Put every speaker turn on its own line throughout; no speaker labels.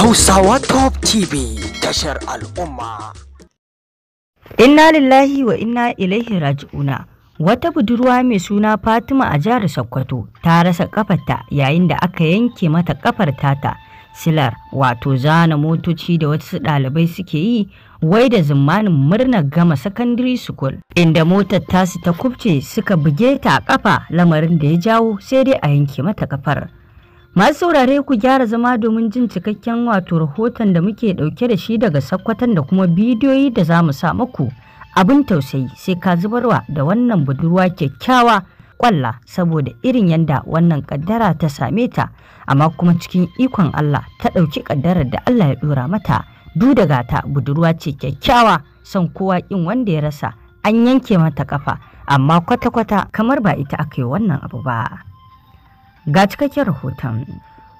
Hausawa Top TV tashar al'umma. Inna lillahi wa inna ilaihi raji'una. Wata budurwa mai suna Fatima a jihar Sokoto ta rasa kafarta yayin da aka yanke mata kafar tata. Silar wato zana motoci da wasu ɗalibai suke yi wai da zimmanin murnar gama secondary school inda motar tasu ta kubce suka buge ta a kafa lamarin da ya jawo sai dai a yanke mata kafar. Masu saurare ku gyara zama domin jin cikakken wato rahoton da muke ɗauke da shi daga sakkwatan da kuma bidiyoyi da za mu sa muku. Abin tausayi sai ka zubarwa da wannan budurwa kyakkyawa kwalla saboda irin yadda wannan kaddara ta same ta amma kuma cikin ikon Allah ta ɗauki kaddarar da Allah ya ɗora mata du daga ta budurwa ce kyakkyawa son kowa ƙin wanda ya rasa an yanke mata kafa amma kwata-kwata kamar ba ita aka yi wannan abu ba. ga cikakken rahoton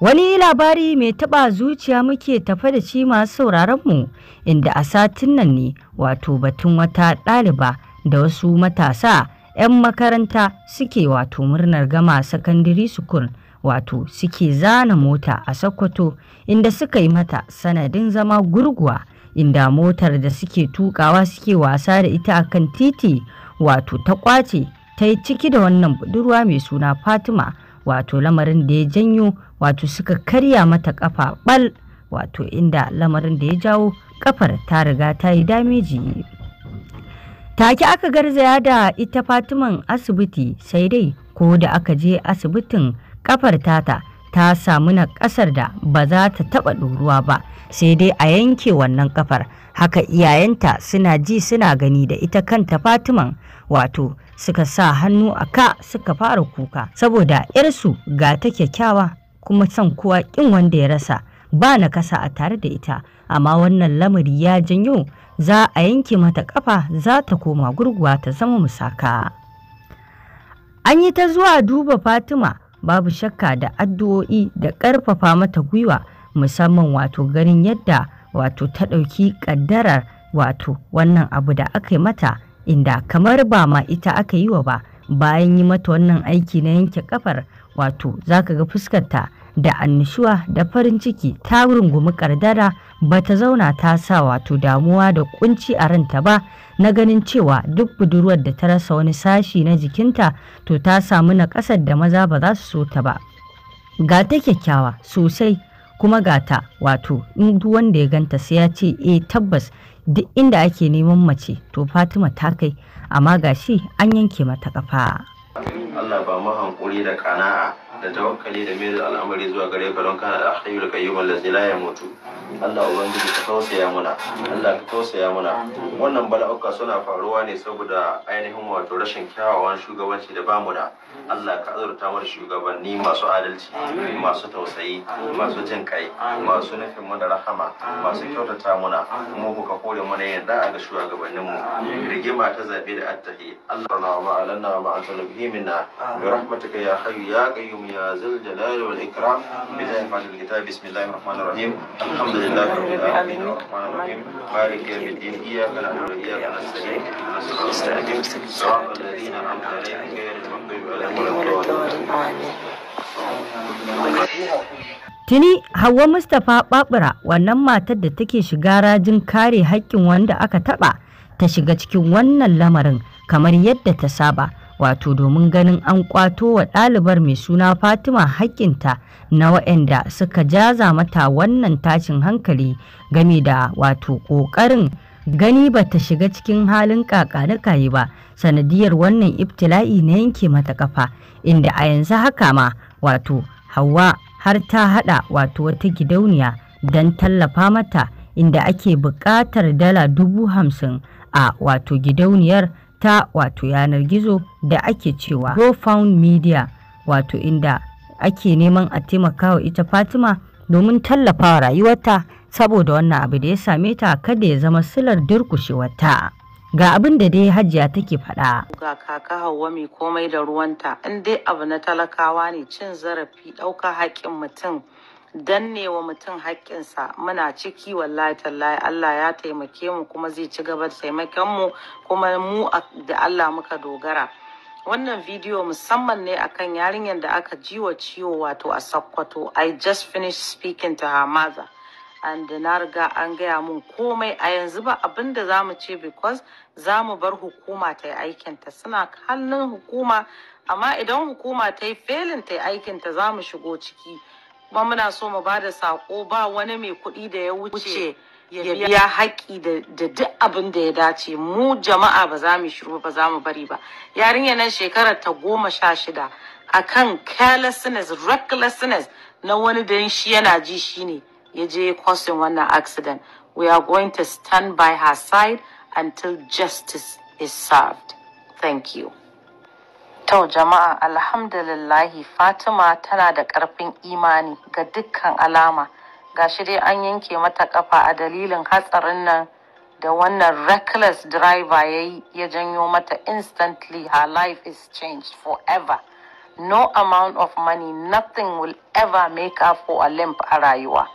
wani labari mai taɓa zuciya muke tafa da shi masu sauraron mu inda a satin nan ne wato batun wata ɗaliba da wasu matasa 'yan makaranta suke wato murnar gama sakandiri sukun wato suke zana mota a sokoto inda suka yi mata sanadin zama gurguwa inda motar da suke tukawa suke wasa da ita a kan titi wato ta kwace ta yi ciki da wannan budurwa mai suna fatima wato lamarin da ya janyo wato suka karya mata kafa bal wato inda lamarin da ya jawo kafar ta riga ta yi dameji take aka garzaya da ita fatiman asibiti sai dai ko da aka je asibitin kafar tata ta samu na ƙasar da ba za ta taɓa ɗoruwa ba sai dai a yanke wannan ƙafar. haka iyayenta suna ji suna gani da ita kanta fatiman wato suka sa hannu a ka suka fara kuka saboda 'yarsu ga ta kyakkyawa kuma son kowa ƙin wanda ya rasa ba na kasa a tare da ita amma wannan lamari ya janyo za a yanke mata ƙafa za ta koma gurguwa ta zama musaka an yi ta zuwa duba fatima babu shakka da addu'o'i da ƙarfafa mata gwiwa musamman wato ganin yadda wato ta ɗauki ƙaddarar wato wannan abu da aka yi mata inda kamar ba ma ita aka yi wa ba bayan yi mata wannan aiki na yanke kafar wato za ka ga fuskarta da annishuwa da farin ciki ta rungumi kardara ba ta zauna ta sa wato damuwa da kunci a ranta ba na ganin cewa duk budurwar da ta rasa wani sashi na jikinta to ta samu na ƙasar da maza ba za su so ta ba ga ta kyakkyawa sosai kuma ga ta wato in duk wanda ya ganta sai ya ce eh tabbas duk inda ake neman mace to fatima ta kai amma gashi an yanke mata kafa.
Allah ba mu hankuri da kana'a da tawakkali da mai da al'amari zuwa gare ka don kana alhayyul qayyum allazi la yamutu Allah ubangiji ka tausaya mana Allah ka tausaya mana wannan bala'uka suna faruwa ne saboda ainihin wato rashin kyawawan shugabanci da bamu da Allah ka azurta mu shugabanni masu adalci masu tausayi masu jin kai masu nufin mu da rahama masu kyautata muna mu kuka kore mana yadda ga shugabannin mu rigima ta zabe da attahi Allah na ma'alanna ma'atalabihi minna bi rahmatika ya hayyu ya qayyum يا ذا الجلال والإكرام بذات فاتح الكتاب بسم الله الرحمن الرحيم الحمد لله رب العالمين الرحمن الرحيم مالك يوم الدين إياك نعبد وإياك نستعين نستعين صراط الذين أنعمت عليهم غير المغضوب عليهم ولا الضالين
Tuni Hauwa Mustapha Babura wannan matar da take shiga rajin kare haƙƙin wanda aka taɓa ta shiga cikin wannan lamarin kamar yadda ta saba. wato domin ganin an kwato wa ɗalibar mai suna fatima haƙƙinta na waɗanda suka jaza mata wannan tashin hankali game da wato ƙoƙarin gani ba ta shiga cikin halin kakanikayi ba sanadiyar wannan ibtila'i na yanke mata kafa inda a yanzu haka ma wato hawa har ta haɗa wato wata gidauniya don tallafa mata inda ake buƙatar dala dubu hamsin a wato gidauniyar ta wato yanar gizo da ake cewa profound media wato inda ake neman a taimakawa ita fatima domin tallafawa rayuwarta saboda wannan abu da ya same ta kada ya zama silar durkushewarta. ga abin da dai hajiya take faɗa.
ga kaka hauwa mai komai da ruwanta in dai abu na talakawa ne cin zarafi ɗauka haƙƙin mutum danne wa mutum haƙƙinsa muna ciki wallahi tallahi Allah ya taimake mu kuma zai ci gaba da taimakon mu kuma mu da Allah muka dogara wannan bidiyo musamman ne akan yarinyar da aka jiwa ciwo wato a Sokoto I just finished speaking to her mother and na riga an gaya mun komai a yanzu ba abin da za ce because za mu bar hukuma ta yi aikinta suna hannun hukuma amma idan hukuma ta yi felin ta yi aikinta za mu shigo ciki kuma muna so mu ba da saƙo ba wani mai kuɗi da ya wuce ya biya haƙƙi da duk abin da ya dace mu jama'a ba za mu shiru ba za mu bari ba yarinya nan shekarar ta goma sha shida akan carelessness recklessness na wani dan shi yana ji shi ne ya je causing wannan accident we are going to stand by her side until justice is served thank you To jama'a alhamdulillahi Fatima tana da ƙarfin imani ga dukkan alama gashi dai an yanke mata ƙafa a dalilin hatsarin nan da wannan reckless driver ya yi ya janyo mata instantly her life is changed forever. No amount of money nothing will ever make up for a limp a rayuwa.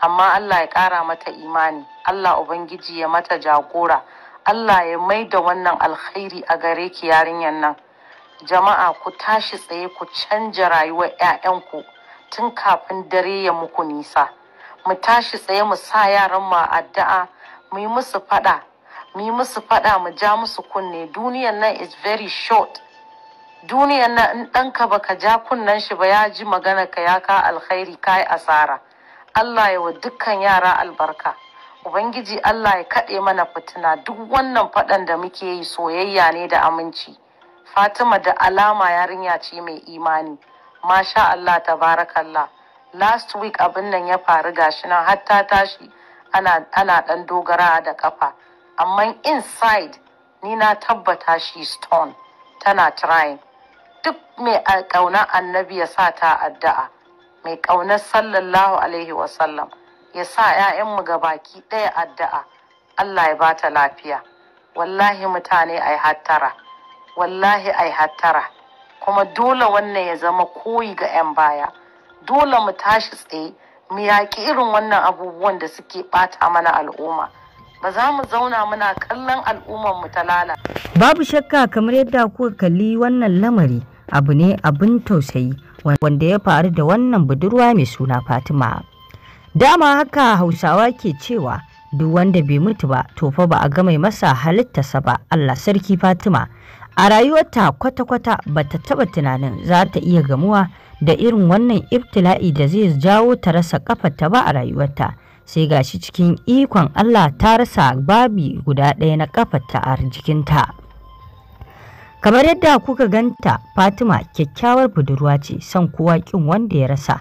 Amma Allah ya ƙara mata imani, Allah Ubangiji ya mata jagora, Allah ya mai da wannan alkhairi a gare ki yarinyar nan. jama'a ku tashi tsaye ku canja rayuwar 'ya'yanku tun kafin dare ya muku nisa mu tashi tsaye mu sa yaran mu addu'a mu yi musu fada mu yi musu fada mu ja musu kunne duniyan nan is very short duniyan nan in ɗanka baka ja kunnen shi ba ya ji magana ka ya ka alkhairi ka yi asara Allah ya wa dukkan yara albarka Ubangiji Allah ya kaɗe mana fitina duk wannan fadan da muke yi soyayya ne da aminci. Fatima da alama yarinya ce mai imani. Masha Allah Allah! Last week abin nan ya faru gashi nan har ta tashi ana ana dan dogara da kafa. Amma inside ni na tabbata shi stone tana trying. Duk mai ƙauna annabi ya sa ta addu'a. Mai ƙaunar sallallahu alaihi wasallam ya sa 'ya'yanmu baki ɗaya addu'a. Allah ya bata lafiya. Wallahi mutane ai hattara. wallahi ai hattara kuma dole wannan ya zama koyi ga 'yan baya dole mu tashi tsaye mu yaƙi irin wannan abubuwan da suke ɓata mana al'umma ba za mu zauna muna kallon al'ummar mu ta lala.
babu shakka kamar yadda kuka kalli wannan lamari abu ne abin tausayi wanda ya faru da wannan budurwa mai suna fatima dama haka hausawa ke cewa duk wanda bai mutu ba to fa ba a ga mai masa halittarsa ba Allah sarki Fatima A rayuwarta kwata-kwata ba ta taɓa tunanin za ta iya gamuwa da irin wannan ibtila'i da zai jawo ta rasa kafarta ba a rayuwarta. Sai gashi cikin ikon Allah ta rasa babi guda ɗaya na kafarta a jikinta. Kamar yadda kuka ganta Fatima kyakkyawar budurwa ce son kowa ƙin wanda ya rasa.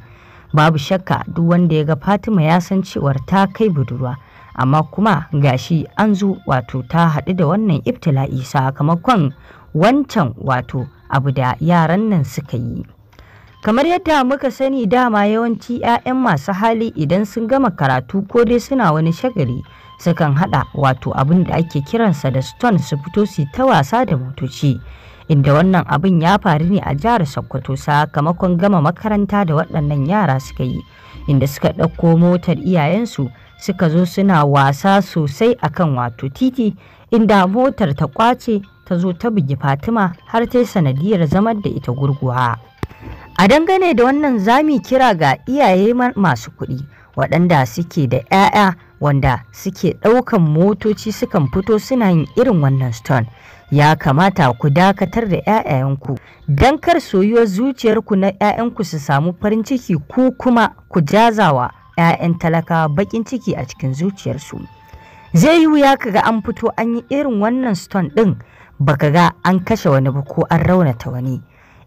Babu shakka duk wanda ya ga Fatima ya san cewar ta kai budurwa. amma kuma gashi an zo wato ta haɗu da wannan ibtila'i sakamakon wancan wato abu da yaran nan suka yi kamar yadda muka sani dama yawanci 'ya'yan masu hali idan sun gama karatu ko dai suna wani shagari sukan hada wato abin da ake kiransa da stone su fito su ta wasa da motoci inda wannan abin ya faru ne a jihar sokoto sakamakon gama makaranta da waɗannan yara suka yi inda suka ɗauko motar iyayensu suka zo suna wasa sosai akan wato titi inda motar ta kwace ta zo ta bugi Fatima har ta yi sanadiyar zamar da ita gurguwa. A dangane da wannan zami kira ga iyaye masu kuɗi waɗanda suke da 'ya'ya wanda suke ɗaukan motoci sukan fito suna yin irin wannan stone. Ya kamata ku dakatar da 'ya'yanku don kar soyuwar zuciyarku na 'ya'yanku su samu farin ciki ko kuma ku jazawa 'ya'yan talaka baƙin ciki a cikin zuciyarsu. Zai yi wuya kaga an fito an yi irin wannan stone ɗin baka ga an kashe wani ba ko an raunata wani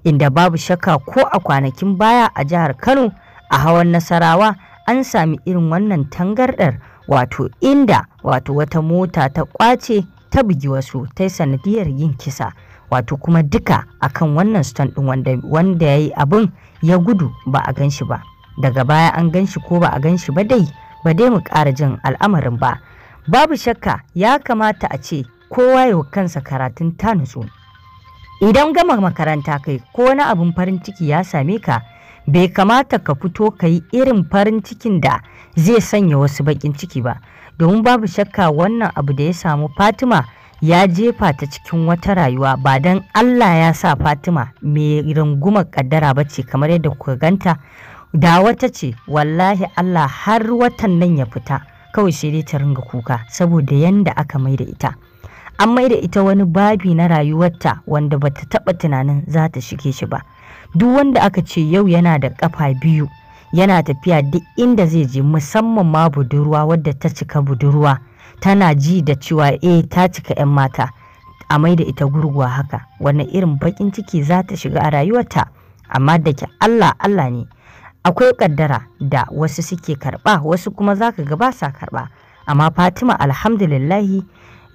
inda babu shakka ko a kwanakin baya a jihar Kano a hawan Nasarawa an sami irin wannan tangardar wato inda wato wata mota ta kwace ta bugi wasu ta sanadiyar yin kisa wato kuma duka akan wannan stand din wanda wanda yayi abin ya gudu ba a ganshi ba daga baya an ganshi ko ba a ganshi ba dai ba dai mu ƙara jin al'amarin ba babu shakka ya kamata a ce kowa ya kansa karatun ta nutsu idan gama makaranta kai ko wani abin farin ciki ya same ka bai kamata ka fito ka yi irin farin cikin da zai sanya wasu bakin ciki ba domin babu shakka wannan abu da ya samu fatima ya jefa ta cikin wata rayuwa ba don allah ya sa fatima mai ranguma kaddara ba ce kamar yadda kuka ganta da wata ce wallahi allah har watan nan ya fita kawai sai dai ta ringa kuka saboda yanda aka mai da ita an maida ita wani babi na rayuwarta wanda bata taba tunanin za ta shige shi ba duk wanda aka ce yau yana da kafa biyu yana tafiya duk inda zai je musamman ma budurwa wadda ta cika budurwa tana ji da cewa e ta cika 'yan mata a maida ita gurguwa haka wani irin bakin ciki za ta shiga a rayuwarta amma da ke Allah Allah ne akwai kaddara da wasu suke karba wasu kuma za ka ga sa karba amma Fatima alhamdulillahi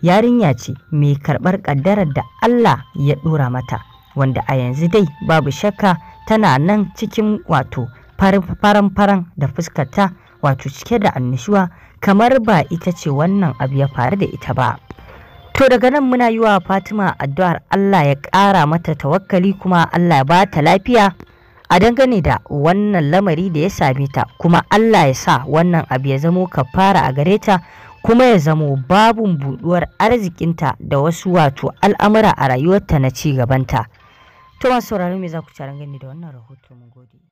yarinya ce mai karɓar ƙaddarar da Allah ya ɗora mata wanda a yanzu dai babu shakka tana nan cikin wato faran-faran da fuskarta wato cike da annishuwa kamar ba ita ce wannan abu ya faru da ita ba. To daga nan muna yi wa Fatima addu'ar Allah ya ƙara mata tawakkali kuma Allah ya ba ta lafiya a dangane da wannan lamari da ya same ta kuma Allah ya sa wannan abu ya zamo kafara a gare ta kuma ya zamo babun buduwar arzikinta da wasu wato al'amura a rayuwarta na ci gabanta. To masu me za ku ci gani da wannan rahoton mu gode.